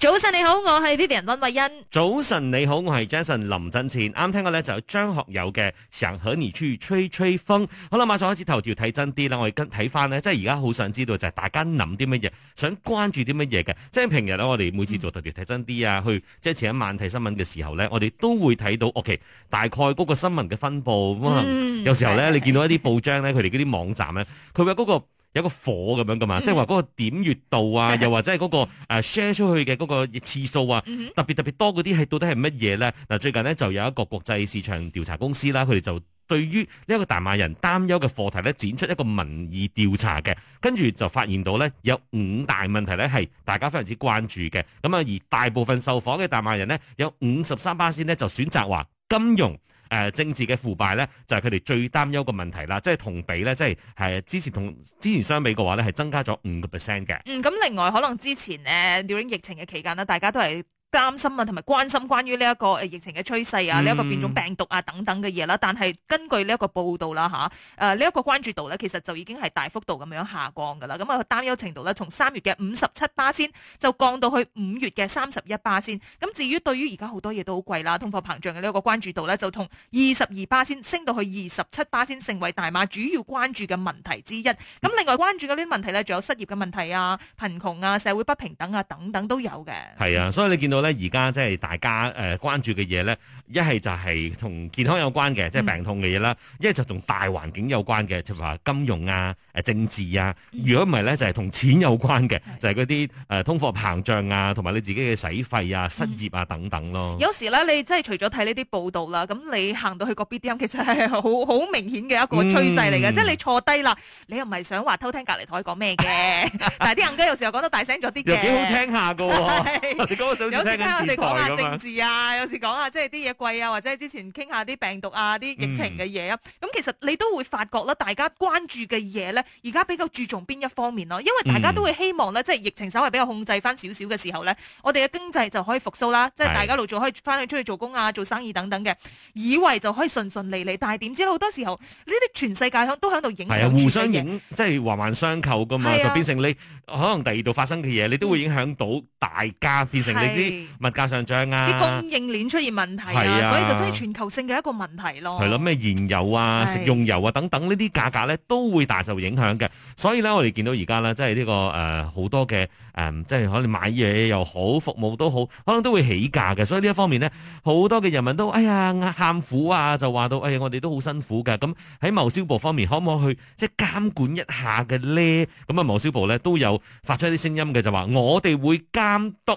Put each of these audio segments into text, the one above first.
早晨你好，我係 Vivian 溫慧欣。早晨你好，我係 Jason 林振前。啱聽過咧就有、是、張學友嘅想和你去吹吹風。好啦，馬上開始頭條睇真啲啦。我哋跟睇翻咧，即係而家好想知道就係大家諗啲乜嘢，想關注啲乜嘢嘅。即係平日咧，我哋每次做頭條睇真啲啊，去即係前一晚睇新聞嘅時候咧，我哋都會睇到。OK，大概嗰個新聞嘅分布。嗯嗯、有時候咧， 你見到一啲報章咧，佢哋嗰啲網站咧，佢嘅嗰個。有個火咁樣噶嘛，嗯、即係話嗰個點閱度啊， 又或者係嗰個誒 share 出去嘅嗰個次數啊，嗯、特別特別多嗰啲係到底係乜嘢咧？嗱、嗯，最近呢，就有一個國際市場調查公司啦，佢哋就對於呢一個大馬人擔憂嘅課題咧，展出一個民意調查嘅，跟住就發現到咧，有五大問題咧係大家非常之關注嘅，咁啊而大部分受訪嘅大馬人呢，有五十三巴仙呢，就選擇話金融。誒、呃、政治嘅腐敗咧，就係佢哋最擔憂嘅問題啦。即係同比咧，即係係之前同之前相比嘅話咧，係增加咗五個 percent 嘅。嗯，咁另外可能之前咧 during 疫情嘅期間咧，大家都係。擔心啊，同埋關心關於呢一個誒疫情嘅趨勢啊，呢一個變種病毒啊等等嘅嘢啦。但係根據呢一個報道啦吓，誒呢一個關注度呢，其實就已經係大幅度咁樣下降噶啦。咁、嗯、啊，擔憂程度呢，從三月嘅五十七巴仙就降到去五月嘅三十一巴仙。咁、嗯、至於對於而家好多嘢都好貴啦，通貨膨脹嘅呢一個關注度呢，就從二十二巴仙升到去二十七巴仙，成為大馬主要關注嘅問題之一。咁、嗯、另外關注嘅啲問題呢，仲有失業嘅問題啊、貧窮啊、社會不平等啊等等都有嘅。係啊，所以你見到。咧而家即係大家誒關注嘅嘢咧，一係就係同健康有關嘅，即係病痛嘅嘢啦；一係就同大環境有關嘅，即係話金融啊。政治啊，如果唔係咧，就係同錢有關嘅，嗯、就係嗰啲誒通貨膨脹啊，同埋你自己嘅使費啊、失業啊等等咯。有時咧，你真係除咗睇呢啲報道啦，咁你行到去個 BDM，其實係好好明顯嘅一個趨勢嚟嘅。嗯、即係你坐低啦，你又唔係想話偷聽隔籬台講咩嘅， 但係啲人咧有時候講得大聲咗啲嘅，幾好聽下噶、啊。的時時有時聽我哋講下政治啊，有時講下即係啲嘢貴啊，或者之前傾下啲病毒啊、啲疫情嘅嘢啊。咁、嗯、其實你都會發覺啦，大家關注嘅嘢咧。而家比較注重邊一方面咯？因為大家都會希望咧，嗯、即係疫情稍為比較控制翻少少嘅時候咧，我哋嘅經濟就可以復甦啦。是即係大家陸續可以翻去出去做工啊、做生意等等嘅，以為就可以順順利利。但係點知好多時候呢啲全世界都喺度影響、啊、互相影，即係環環相扣噶嘛，啊、就變成你可能第二度發生嘅嘢，你都會影響到大家，變成你啲物價上漲啊，啲、啊、供應鏈出現問題啊，所以就真係全球性嘅一個問題咯。係咯、啊，咩燃油啊、食用油啊等等呢啲價格咧，都會大受影響。影響嘅，所以咧我哋見到而家咧，即係呢、呢個誒好、呃、多嘅誒、呃，即係可能買嘢又好，服務都好，可能都會起價嘅。所以呢一方面呢，好多嘅人民都哎呀喊苦啊，就話到哎呀，我哋都好辛苦噶。咁喺貿消部方面，可唔可以去即係監管一下嘅呢？咁啊，貿消部呢，都有發出一啲聲音嘅，就話我哋會監督。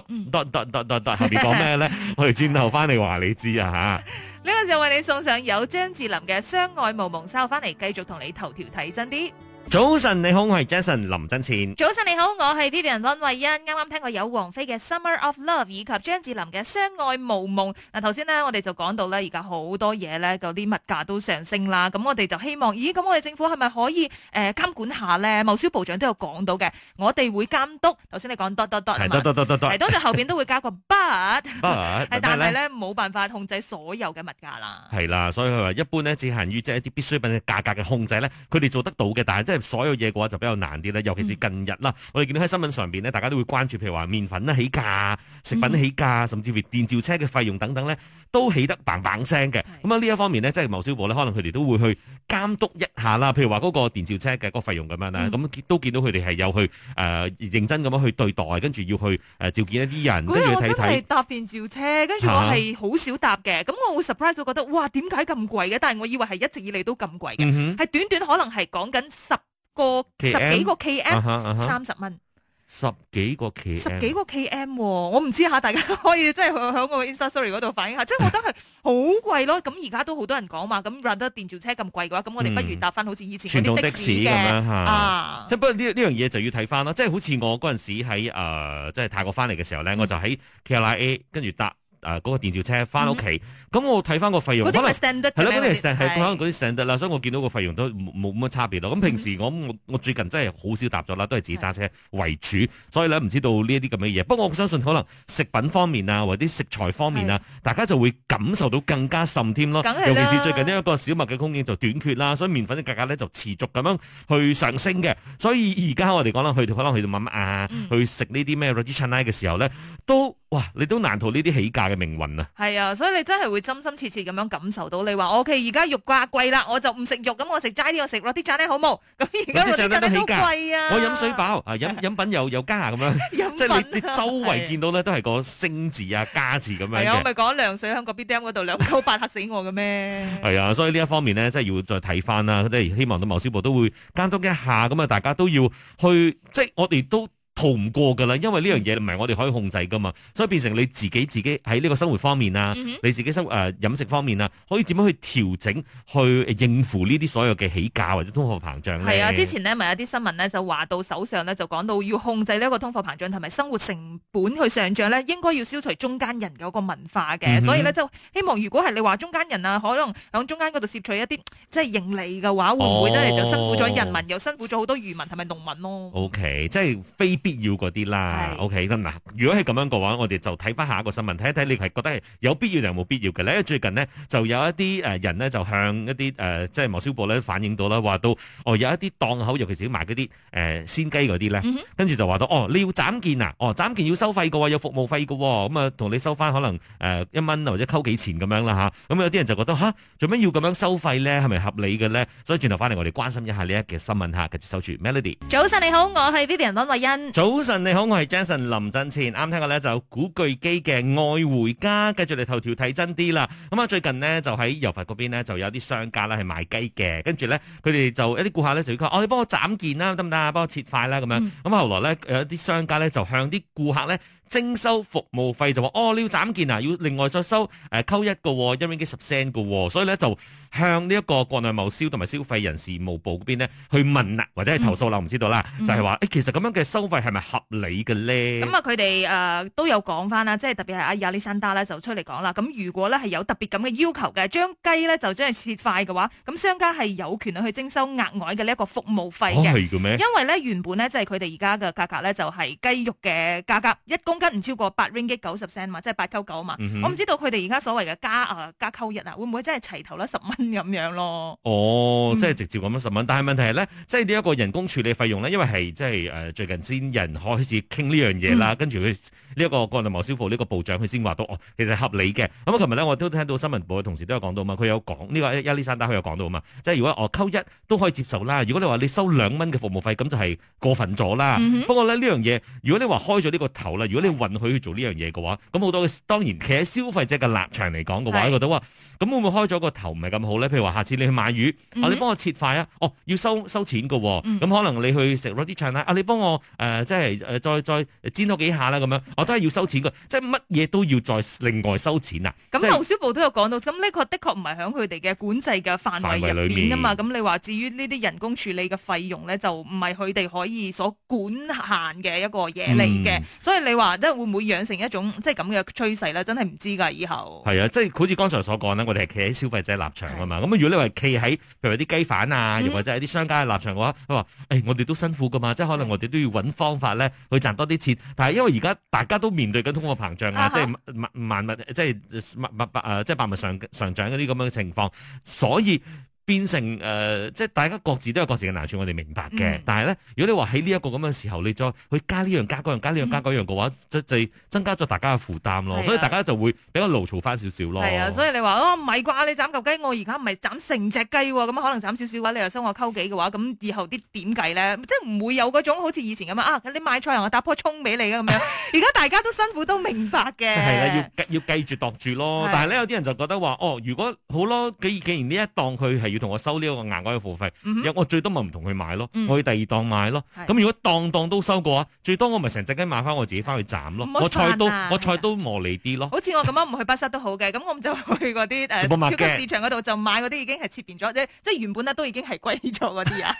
篤，得得得得後面講咩咧？ 我哋轉頭翻嚟話你知啊吓。呢 個就為你送上有張智霖嘅《相愛無夢》，稍後翻嚟繼續同你頭條睇真啲。早晨早，你好，我係 Jason 林真千。早晨，你好，我係 Vivian 溫慧欣。啱啱聽過有王菲嘅《Summer of Love》以及張智霖嘅《相愛無夢》啊。嗱，頭先咧我哋就講到咧，而家好多嘢咧，嗰啲物價都上升啦。Города, 咁我哋就希望，咦？咁，咁，咁我哋政府係咪可以誒監、呃、管下咧？貿消部長都有講到嘅，我哋會監督。頭先你講多多多多多多多係，多就後邊都會加個 but，係 但係咧冇辦法控制所有嘅物價啦。係啦， 所以佢話一般咧，只限於即係一啲必需品嘅價格嘅控制咧，佢哋做得到嘅，但係即係。所有嘢嘅話就比較難啲咧，尤其是近日啦，嗯、我哋見到喺新聞上邊呢，大家都會關注，譬如話麵粉咧起價、食品起價，嗯、甚至乎電召車嘅費用等等咧，都起得嘭嘭聲嘅。咁啊、嗯，呢一方面呢，即係某小部咧，可能佢哋都會去監督一下啦。譬如話嗰個電召車嘅嗰個費用咁樣啦，咁、嗯、都見到佢哋係有去誒、呃、認真咁樣去對待，跟住要去誒召見一啲人，跟住睇睇。係搭電召車，跟住我係好少搭嘅。咁、啊、我會 surprise，我覺得嘩，點解咁貴嘅？但係我以為係一直以嚟都咁貴嘅，係、嗯、短短可能係講緊十。個十幾個 KM 三十蚊，K 十幾個 K 十幾個 KM，、啊、我唔知吓，大家可以即係響個 Insta story 嗰度反映下，即係我覺得係好貴咯。咁而家都好多人講嘛，咁 ride 得電召車咁貴嘅話，咁我哋不如搭翻好似以前嗰啲的士嘅、嗯、啊。只不過呢呢樣嘢就要睇翻啦，即係好似我嗰陣時喺誒、呃，即係泰國翻嚟嘅時候咧，嗯、我就喺 Kiaa A 跟住搭。啊！嗰、呃嗰個電召車翻屋企，咁我睇翻個費用可能 standard，可能係咯，嗰可能嗰啲 standard 啦，所以我見到個費用都冇乜差別咯。咁平時我、嗯、我最近真係好少搭咗啦，都係自己揸車為主，所以咧唔知道呢一啲咁嘅嘢。不過我相信，可能食品方面啊，或者食材方面啊，大家就會感受到更加滲添咯。尤其是最近呢一個小麥嘅供應就短缺啦，所以麵粉嘅價格咧就持續咁樣去上升嘅。所以而家我哋講啦，去可能去到乜啊，去食呢啲咩羅斯柴奶嘅時候咧，都。哇！你都難逃呢啲起價嘅命運啊！係啊，所以你真係會真心切切咁樣感受到你，你話：OK，而家肉價貴啦，我就唔食肉，咁我食齋啲我食落啲炸咧好冇。咁而家都起價，啊、我飲水飽啊，飲飲品又又加咁樣， 啊、即係你，你周圍、啊、見到咧都係個升字啊、加字咁樣嘅。係、啊、我咪講涼水響個 BDM 嗰度兩九八嚇死我嘅咩？係 啊，所以呢一方面咧，真係要再睇翻啦。即係希望到某小部都會監督一下咁啊，大家都要去，即係我哋都。逃唔過噶啦，因為呢樣嘢唔係我哋可以控制噶嘛，所以變成你自己自己喺呢個生活方面啊，嗯、哼你自己生誒飲食方面啊，可以點樣去調整去應付呢啲所有嘅起價或者通貨膨脹呢？係啊，之前呢咪有啲新聞呢就話到手上呢，就講到要控制呢個通貨膨脹同埋生活成本去上漲呢，應該要消除中間人嗰個文化嘅，嗯、哼所以呢，就希望如果係你話中間人啊，可能響中間嗰度攝取一啲即係盈利嘅話，會唔會真係就辛苦咗人民、哦、又辛苦咗好多漁民同埋農民咯？O K，即係非。必要啲啦是，OK 嗱。如果係咁樣嘅話，我哋就睇翻下一個新聞，睇一睇你係覺得係有必要定係冇必要嘅咧？最近呢，就有一啲誒人呢，就向一啲誒、呃、即係莫少部咧反映到啦，話到哦有一啲檔口，尤其是賣嗰啲誒鮮雞嗰啲咧，跟住就話到哦你要斬件啊，哦斬件要收費嘅喎，有服務費嘅喎，咁啊同你收翻可能誒、呃、一蚊或者扣幾錢咁樣啦吓。咁、啊嗯、有啲人就覺得吓，做、啊、咩要咁樣收費咧？係咪合理嘅咧？所以轉頭翻嚟，我哋關心一下呢一期新聞吓嘅守住 Melody。Mel 早晨你好，我係 Vivian 溫慧欣。早晨，你好，我係 Jason 林振前，啱聽過咧就古巨基嘅愛回家，繼續嚟頭條睇真啲啦。咁、嗯、啊最近呢，就喺油佛嗰邊呢，就有啲商家啦去賣雞嘅，跟住咧佢哋就一啲顧客咧就要佢，哦你幫我斬件啦，得唔得啊？幫我切塊啦，咁樣。咁、嗯嗯、後來咧有一啲商家咧就向啲顧客咧徵收服務費，就話哦你要斬件啊，要另外再收誒扣一個一蚊幾十 s e n 所以咧就向呢一個國內貿銷同埋消費人事務部嗰邊呢，去問啦，或者係投訴啦，唔知道啦，就係話其實咁樣嘅收費。係咪合理嘅咧？咁啊，佢哋誒都有講翻啦，即係特別係阿亞歷山大咧就出嚟講啦。咁如果咧係有特別咁嘅要求嘅，將雞咧就將佢切塊嘅話，咁商家係有權去徵收額外嘅呢一個服務費嘅。哦，係嘅咩？因為咧原本咧即係佢哋而家嘅價格咧就係雞肉嘅價格一公斤唔超過八 ringgit 九十 cent 嘛，即係八九九啊嘛。我唔知道佢哋而家所謂嘅加誒加扣一啊，會唔會真係齊頭咧十蚊咁樣咯？哦，即係直接咁樣十蚊。但係問題係咧，即係呢一個人工處理費用咧，因為係即係誒最近先人開始傾呢樣嘢啦，跟住佢呢一個國內貿易部呢個部長，佢先話到哦，其實合理嘅。咁啊，琴日咧我都聽到新聞部嘅同事都有講到嘛，佢有講呢個一、一、二、三、單，佢有講到嘛。即係如果我扣一都可以接受啦。如果你話你收兩蚊嘅服務費，咁就係過分咗啦。不過咧呢樣嘢，如果你話開咗呢個頭啦，如果你允許去做呢樣嘢嘅話，咁好多當然企喺消費者嘅立場嚟講嘅話，覺得哇，咁會唔會開咗個頭唔係咁好咧？譬如話，下次你去買魚啊，你幫我切塊啊，哦，要收收錢㗎喎。咁可能你去食 roti canai 啊，你幫我誒。即係誒、呃，再再煎多幾下啦，咁樣，我、啊、都係要收錢嘅，即係乜嘢都要再另外收錢啊！咁劉 是小寶都有講到，咁呢個的確唔係響佢哋嘅管制嘅範圍入邊啊嘛！咁你話至於呢啲人工處理嘅費用咧，就唔係佢哋可以所管限嘅一個嘢嚟嘅，嗯、所以你話都會唔會養成一種即係咁嘅趨勢咧？真係唔知噶以後。係啊，即、就、係、是、好似剛才所講咧，我哋係企喺消費者立場啊嘛！咁、啊嗯、如果你係企喺譬如啲雞販啊，又或者係啲商家嘅立場嘅話，佢話誒，我哋都辛苦噶嘛，即係可能我哋都要揾方。方法咧，去賺多啲錢，但係因為而家大家都面對緊通貨膨脹啊、uh huh.，即係萬萬物即係物物啊，即係百物上上漲嗰啲咁樣嘅情況，所以。變成誒、呃，即係大家各自都有各自嘅難處，我哋明白嘅。嗯、但係咧，如果你話喺呢一個咁嘅時候，嗯、你再去加呢、這、樣、個、加嗰、這、樣、個、加呢、這、樣、個、加嗰樣嘅話，就就增加咗大家嘅負擔咯。嗯、所以大家就會比較勞嘈翻少少咯。係啊，所以你話哦，唔係啩？你斬嚿雞，我而家唔係斬成隻雞喎，咁、嗯、可能斬少少啊。你又收我溝幾嘅話，咁、嗯、以後啲點計咧？即係唔會有嗰種好似以前咁樣啊！你買菜啊，我搭樖葱俾你啊，咁樣。而家 大家都辛苦，都明白嘅。係啦、 就是，要要，要計住度，度住咯。的但係咧，有啲人就覺得話，哦，如果好咯，既既然呢一檔佢係。要同我收呢個額外嘅付費，有我最多咪唔同佢買咯，我去第二檔買咯。咁如果檔檔都收過啊，最多我咪成隻雞買翻我自己翻去斬咯。我菜刀我菜刀磨利啲咯。好似我咁樣唔去北沙都好嘅，咁我就去嗰啲超級市場嗰度就買嗰啲已經係切變咗，即即原本啊都已經係貴咗嗰啲啊。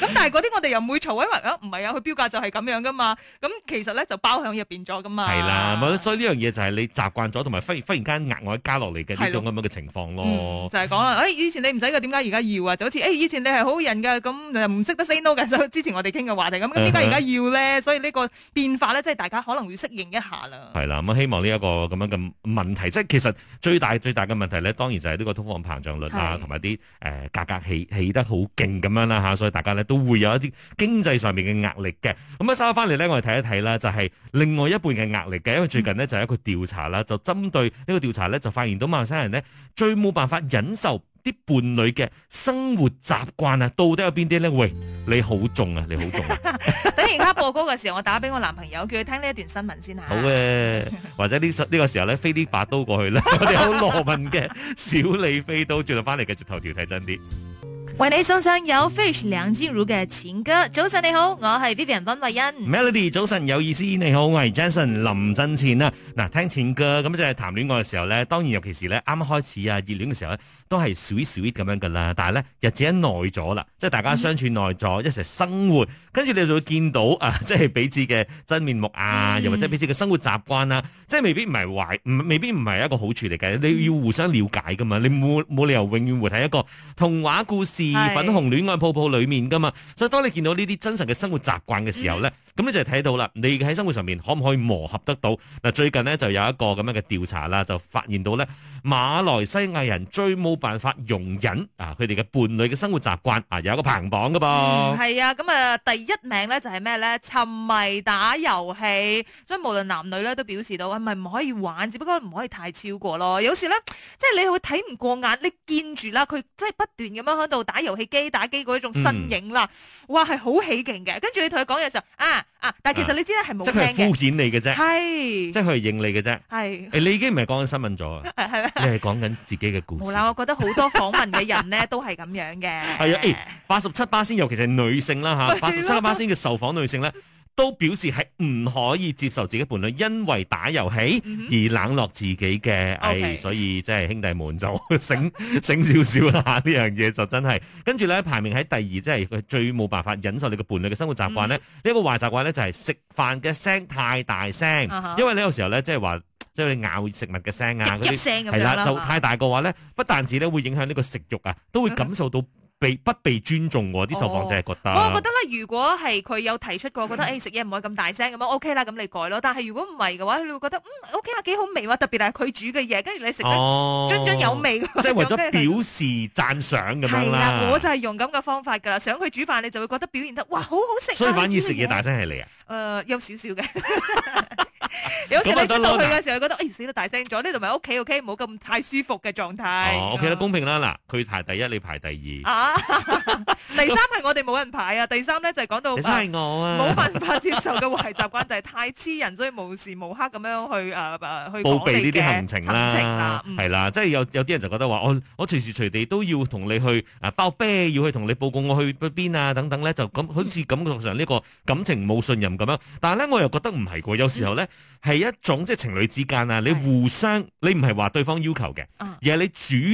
咁但係嗰啲我哋又唔會嘈，因為唔係啊，佢標價就係咁樣噶嘛。咁其實咧就包喺入邊咗噶嘛。係啦，所以呢樣嘢就係你習慣咗，同埋忽然忽然間額外加落嚟嘅呢種咁樣嘅情況咯。就係講啊，以前你唔使個點。點解而家要啊？就好似誒、欸，以前你係好人噶，咁又唔識得 say no 嘅。就之前我哋傾嘅話題咁，咁點解而家要咧？嗯、哼所以呢個變化咧，即係大家可能會適應一下啦。係啦，咁希望呢一個咁樣嘅問題，即係其實最大最大嘅問題咧，當然就係呢個通貨膨脹率啊，同埋啲誒價格起起得好勁咁樣啦吓、啊。所以大家咧都會有一啲經濟上面嘅壓力嘅。咁啊，稍後返嚟咧，我哋睇一睇啦，就係、是、另外一半嘅壓力嘅。因為最近呢，就有、是、一個調查啦，就針對個調呢個調查咧，就發現到馬來西亞人呢，最冇辦法忍受。啲伴侶嘅生活習慣啊，到底有邊啲咧？喂，你好重啊！你好重。啊！ 等而家播歌嘅時候，我打俾我男朋友，叫佢聽呢一段新聞先啊。好嘅、啊，或者呢呢、呢個時候咧，飛啲把刀過去啦。好羅 文嘅小李飛刀，轉到翻嚟繼續頭條睇真啲。為你送上有 fish 兩支乳嘅情歌，早晨你好，我係 Vivian 溫慧欣。Melody 早晨有意思，你好，我係 Jason 林振前啊。嗱，聽情歌咁就係談戀愛嘅時候咧，當然尤其是咧啱啱開始啊熱戀嘅時候咧，都係 sweet sweet 咁樣噶啦。但係咧日子一耐咗啦，即係大家相處耐咗，mm. 一齊生活，跟住你就會見到啊，即係彼此嘅真面目啊，又、mm. 或者彼此嘅生活習慣啊，即係未必唔係壞，未必唔係一個好處嚟嘅，你要互相了解噶嘛，你冇冇理由永遠活喺一個童話故事。粉紅戀愛泡泡裏面噶嘛，所以當你見到呢啲真實嘅生活習慣嘅時候咧，嗯咁你就睇到啦，你喺生活上面可唔可以磨合得到？嗱，最近呢就有一個咁樣嘅調查啦，就發現到咧，馬來西亞人最冇辦法容忍啊佢哋嘅伴侶嘅生活習慣啊，有一個排行榜噶噃。係、嗯、啊，咁、嗯、啊第一名咧就係咩咧？沉迷打遊戲，所以無論男女咧都表示到係咪唔可以玩，只不過唔可以太超過咯。有時咧，即係你會睇唔過眼，你見住啦，佢即係不斷咁樣喺度打遊戲，打遊戲打機、打機嗰一種身影啦，嗯、哇，係好起勁嘅。跟住你同佢講嘢嘅時候啊～啊！但係其實你知咧，係冇驚即係敷衍你嘅啫，係是，即係佢係認你嘅啫，係是。誒、哎，你已經唔係講緊新聞咗， 嗎你係講緊自己嘅故事。無論、啊、我覺得好多訪問嘅人咧， 都係咁樣嘅。係啊，誒、哎，八十七巴仙尤其係女性啦吓，八十七巴仙嘅受訪女性咧。都表示係唔可以接受自己伴侶因為打遊戲而冷落自己嘅，誒，所以即係兄弟們就醒醒少少啦，呢樣嘢，就真係。跟住咧，排名喺第二，即係佢最冇辦法忍受你嘅伴侶嘅生活習慣咧。呢個壞習慣咧就係食飯嘅聲太大聲，因為呢有時候咧即係話即係咬食物嘅聲啊，係啦，就太大個話咧，不但止咧會影響呢個食欲啊，都會感受到。被不被尊重喎？啲受訪者係覺得，我覺得咧，如果係佢有提出過，覺得誒食嘢唔可以咁大聲咁樣，O K 啦，咁你改咯。但係如果唔係嘅話，你會覺得嗯 O K 啊，幾好味啊，特別係佢煮嘅嘢，跟住你食得津津有味。即係為咗表示讚賞咁樣啦。我就係用咁嘅方法噶，想佢煮飯，你就會覺得表現得哇好好食。所以反而食嘢大聲係你啊？誒，有少少嘅。有時我到佢嘅時候，覺得哎死啦，大聲咗呢度咪屋企，O K，冇咁太舒服嘅狀態。哦，O K 啦，公平啦，嗱，佢排第一，你排第二。 第三係我哋冇人排啊，啊！第三咧就講到，係我啊，冇辦法接受嘅壞習慣就係太黐人，所以無時無刻咁樣去誒誒、啊啊、去報備呢啲行程啦，係、嗯、啦，即係有有啲人就覺得話我我隨時隨地都要同你去誒、啊、包啤，要去同你報告我去邊啊等等咧，就咁、嗯、好似感覺上呢個感情冇信任咁樣，但係咧我又覺得唔係喎，有時候咧係一種即係情侶之間啊，你互相你唔係話對方要求嘅，而係你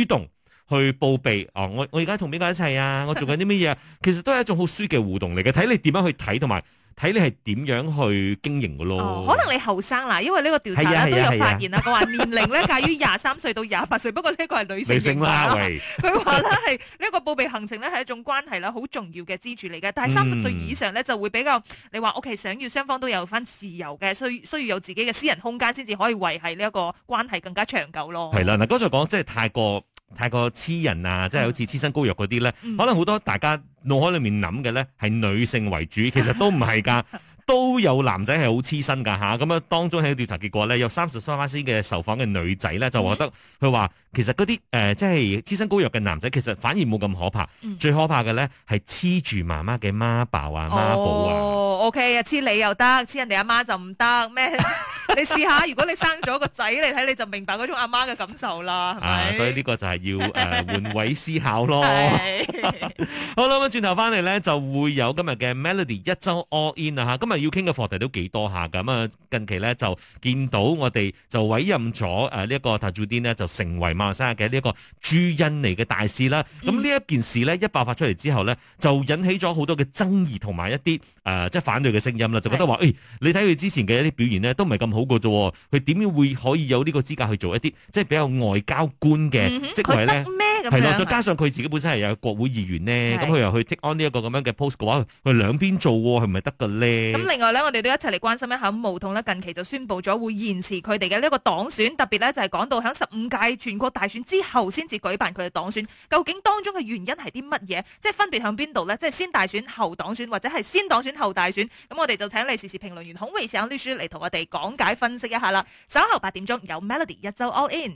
主動。去報備哦！我我而家同邊個一齊啊？我做緊啲乜嘢？啊？其實都係一種好舒嘅互動嚟嘅，睇你點樣去睇，同埋睇你係點樣去經營嘅咯、哦。可能你後生嗱，因為個調呢個調查都有發現啦，佢話年齡咧介於廿三歲到廿八歲， 不過呢一個係女性係女性啦、啊，喂，佢話咧係呢一、這個報備行程咧係一種關係啦，好重要嘅支柱嚟嘅。但係三十歲以上咧就會比較，嗯、你話 O K，想要雙方都有翻自由嘅，需需要有自己嘅私人空間先至可以維繫呢一個關係更加長久咯。係啦，嗱剛才講即係太過。太過黐人啊，即係好似黐身膏藥嗰啲咧，嗯、可能好多大家腦海裏面諗嘅咧係女性為主，其實都唔係噶。 都有男仔係好黐身噶吓，咁樣當中喺調查結果咧，有三十三巴仙嘅受訪嘅女仔咧就覺得佢話、嗯，其實嗰啲誒即係黐身高約嘅男仔，其實反而冇咁可怕，嗯、最可怕嘅咧係黐住媽媽嘅媽爸啊媽寶啊。媽媽媽媽哦，OK 啊，黐你又得，黐人哋阿媽就唔得咩？你試下，如果你生咗個仔嚟睇，你，你就明白嗰種阿媽嘅感受啦、啊。所以呢個就係要誒換位思考咯。對 好啦，咁轉頭翻嚟咧，就會有今日嘅 Melody 一周 All In 啊吓，今日。要傾嘅課題都幾多下咁啊！近期咧就見到我哋就委任咗誒、呃這個、呢一個塔朱丁咧就成為馬來西亞嘅呢一個駐印尼嘅大使啦。咁呢、嗯、一件事咧一爆發出嚟之後咧，就引起咗好多嘅爭議同埋一啲誒、呃、即係反對嘅聲音啦。就覺得話誒是、哎，你睇佢之前嘅一啲表現咧都唔係咁好個啫，佢點樣會可以有呢個資格去做一啲即係比較外交官嘅職位咧？嗯係再加上佢自己本身係有國會議員的 post，是是呢，咁佢又去 t 安呢一個咁樣嘅 post 嘅話，佢兩邊做，係唔係得嘅咧？咁另外咧，我哋都一齊嚟關心一下毛統咧，近期就宣佈咗會延遲佢哋嘅呢一個黨選，特別咧就係講到喺十五屆全國大選之後先至舉辦佢嘅黨選，究竟當中嘅原因係啲乜嘢？即係分別向邊度呢？即係先大選後黨選，或者係先黨選後大選？咁我哋就請你時時評論員孔維醒呢書嚟同我哋講解分析一下啦。稍後八點鐘有 Melody 一周 All In。